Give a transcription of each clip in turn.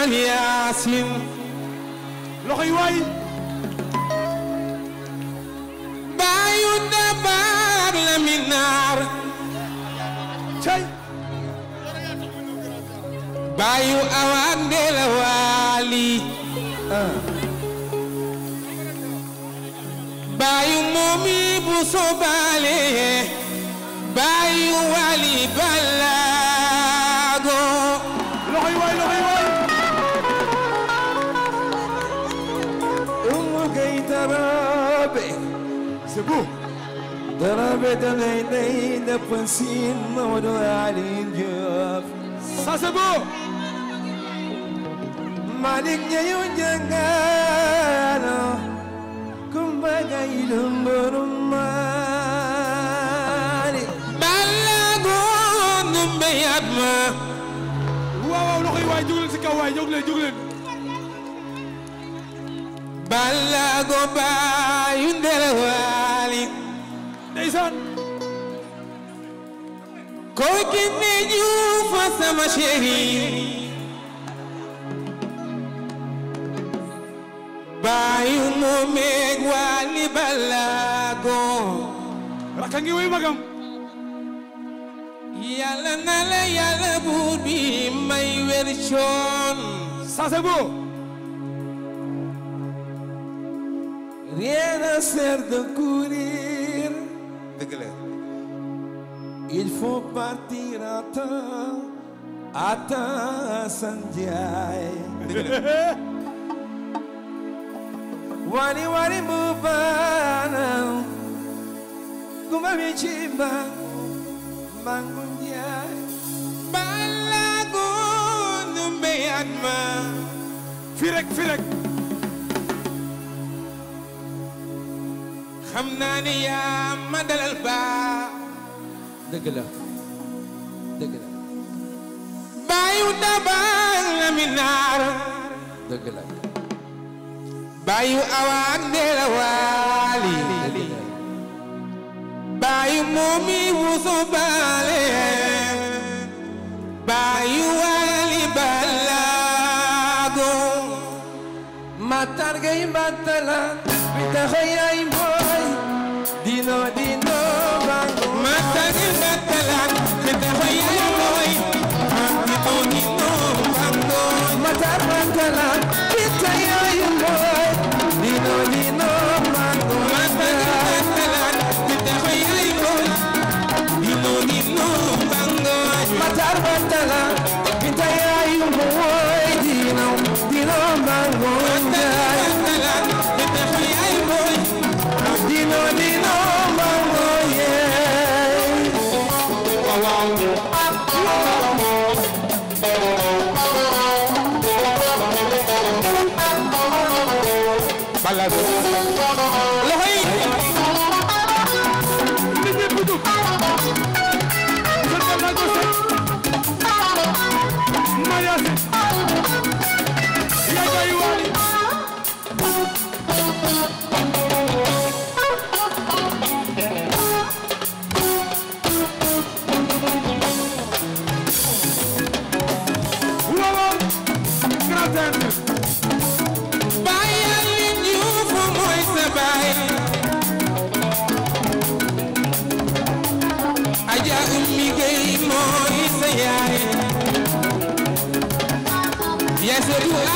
rahmaan yaasin loxo yi waay baayu dabaar la mi naar cay baayu awaan de la waali baayu moomi bu sobaale baayu waali balla ضربت عيني نفسين مولوع علي الجوف ساسبو مالك يون جنانا كم بقاي لمبر مالي بلغون بيد ما واو لغي واي جولن سكا واي جولن جولن بلغون باي دلوان ndeysaan koy kinne juufa sama chéri baayu mu meeg waali balaago rakka ngi way magam yàlla na la yàlla buur bi may wér coon sase bo rien à faire de courir എടുക്കല് Il faut partir à temps, à temps, Sanjay. Wani wani mubana, kumavichimba, mangunya, balagun meyatma, firek firek. حمداني يا مدى الألفاء دقلة دقلة بايو ودبان من نار دقلة باي أواك دلوالي بايو مومي وصبالي بايو والي بلاغو ما ترغي بطلا بتخيل balado. 我丢我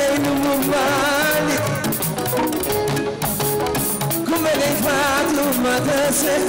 Seynu mu Maalik ku mel ni Faatumata Sekk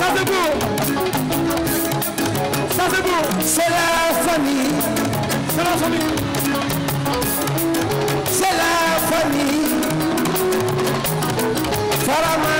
ça c'est beau. Ça c'est beau. C'est la famille. C'est la famille. C'est la famille. Farama.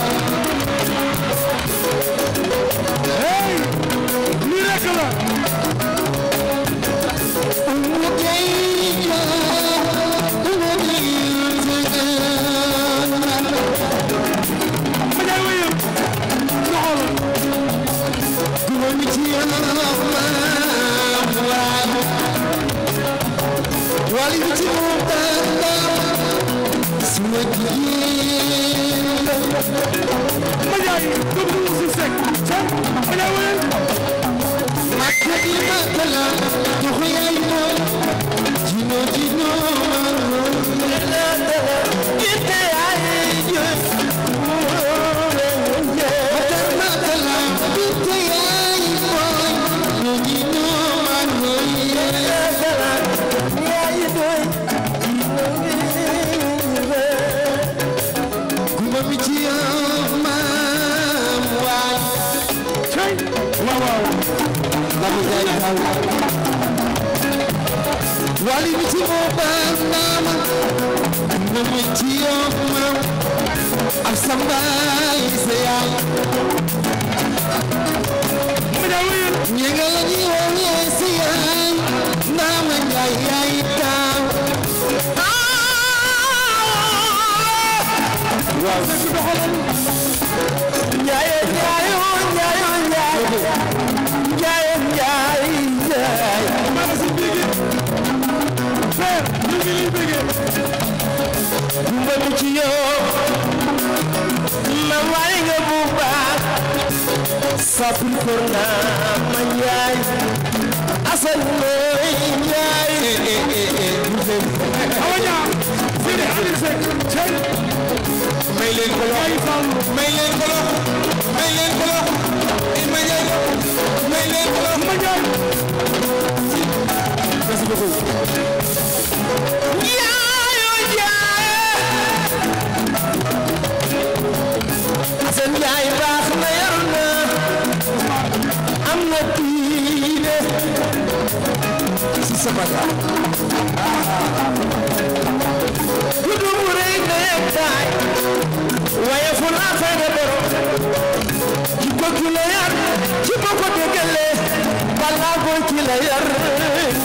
waaw waaw Babou Ndiaye taw wali mi ci moo baax naama na mi ci yoon ma ak sa mbaay sa yaay ñi nga la ñuy woowee si yaay naama Ndiaye yaay taaw waaw ma waringa buba sapin korna ma nyaay asan me nyaay awanya sidi amir sek chen may leen ko may leen ko may leen ko ma nyaay may leen ko ma nyaay merci beaucoup am na diine ci sama gaal guddu bu rëy na taay waaye fu laa fay na borom ci ko ki ci ko ko dégale balaa ko ki la yar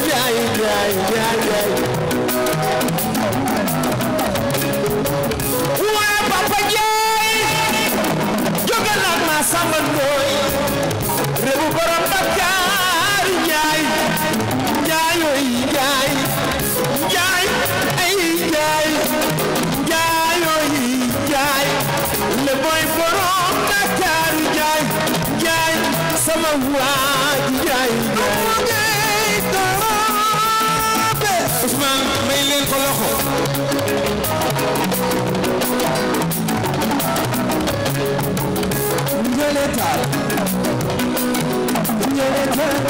jaay jaay jaay leen ko loxo njële taal njële taal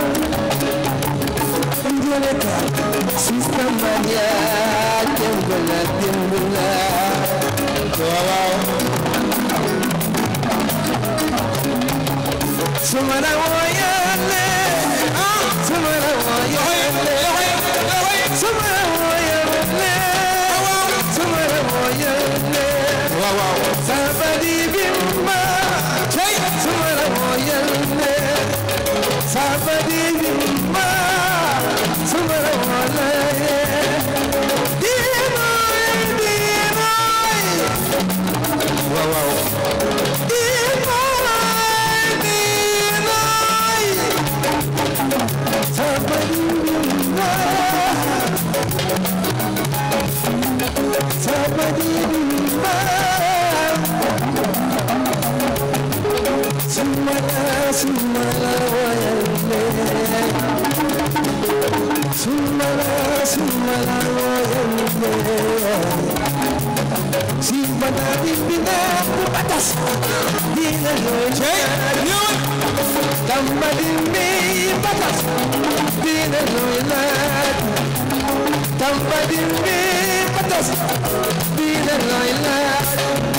njële taal system mania tembula tembula waaw su ma la wooyee bis bi nee bu ba tas dina looy ñëwal dama di mi ba tas dina looy laaj dama di mi ba tas dina looy laaj